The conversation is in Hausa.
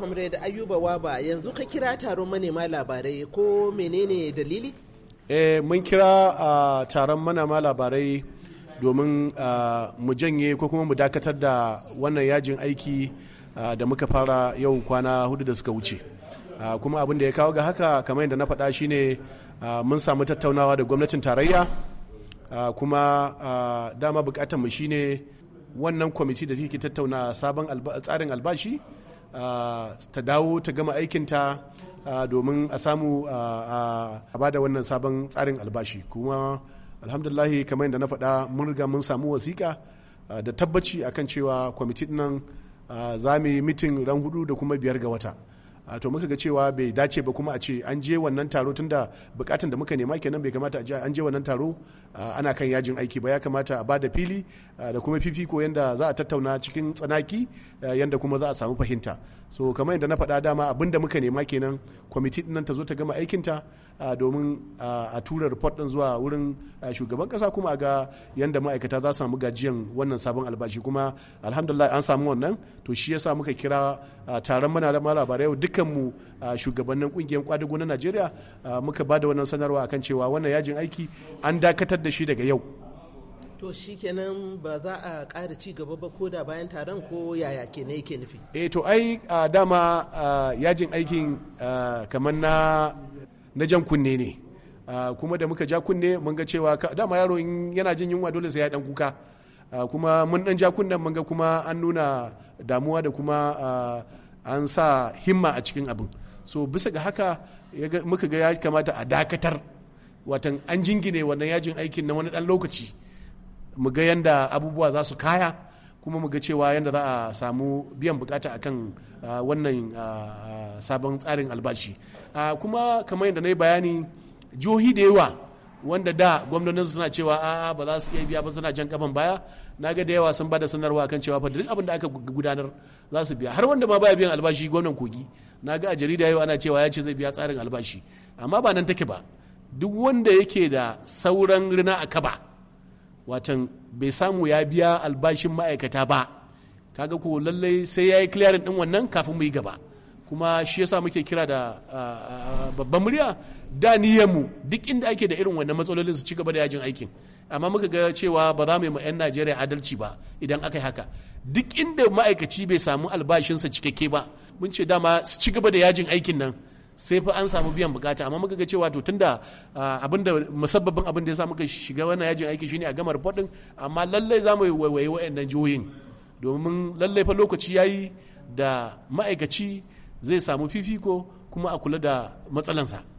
comrade ayuba waba yanzu ka kira taron manema labarai ko menene dalili eh mun kira taron manema labarai domin mu janye ko kuma mu dakatar da wannan yajin aiki da muka fara yau kwana hudu da suka wuce kuma abin da ya kawo ga haka kamar yadda na faɗa shine mun samu tattaunawa da gwamnatin tarayya kuma dama bukatar mu shine wannan kwamiti da take tattauna sabon tsarin albashi ta dawo ta gama aikinta domin a samu a ba da wannan sabon tsarin albashi kuma alhamdulahi kamar yadda na faɗa mun riga mun samu wasiƙa da tabbaci akan cewa kwamitin nan za mu yi mitin ran hudu da kuma biyar ga wata to muka ga cewa bai dace ba kuma a ce an je wannan taro tunda bukatun da muka nema kenan bai kamata a je an je wannan taro ana kan yajin aiki ba ya kamata a bada fili da kuma fifiko yanda za a tattauna cikin tsanaki yanda kuma za a samu fahimta so kamar yadda na faɗa dama abinda muka nema kenan kwamiti nan ta zo ta gama aikinta domin a tura report din zuwa wurin shugaban kasa kuma a ga yanda ma'aikata za su samu gajiyan wannan sabon albashi kuma alhamdulillah an samu wannan to shi yasa muka kira taron mana da labarai yau duka. dukkanmu shugabannin kungiyar kwadago na najeriya muka ba da wannan sanarwa akan cewa wannan yajin aiki an dakatar da shi daga yau to shi kenan ba za a ƙara ci gaba ba ko da bayan taron ko yaya ke ne yake nufi eh to ai dama yajin aikin kamar na na jan kunne ne kuma da muka ja kunne mun ga cewa dama yaro in yana jin yunwa dole sai ya dan kuka kuma mun dan ja kunnen mun ga kuma an nuna damuwa da kuma an sa himma a cikin abin so bisa ga haka muka ga ya kamata a dakatar watan an jingine wannan yajin aikin na wani dan lokaci mu ga yanda abubuwa za su kaya kuma mu ga cewa yanda za a samu biyan bukata akan wannan sabon tsarin albashi kuma kamar yadda na yi bayani jihohi da yawa wanda da gwamnonin suna cewa a ba za su iya biya ba suna jan kaban baya na ga da yawa sun bada sanarwa kan cewa fa duk abin da aka gudanar za su biya har wanda ma baya biyan albashi gwamnan kogi na ga a jarida yau ana cewa ya ce zai biya tsarin albashi amma ba nan take ba duk wanda yake da sauran rina a kaba watan bai samu ya biya albashin ma'aikata ba kaga ko lallai sai ya yi clearing din wannan kafin mu yi gaba kuma shi yasa muke kira da babban murya da mu duk inda ake da irin wannan matsalolin su ci gaba da yajin aikin amma muka ga cewa ba za mu yi 'yan najeriya adalci ba idan aka yi haka duk inda ma'aikaci bai samu albashinsa cikakke ba mun ce dama su ci gaba da yajin aikin nan sai fa an samu biyan bukata amma muka ga cewa to tunda abin da musabbabin abin da ya sa muka shiga wannan yajin aiki shine a gama report amma lallai za mu yi waiwaye wa'annan jihohin domin lallai fa lokaci ya yi da ma'aikaci zai samu fifiko kuma a kula da matsalansa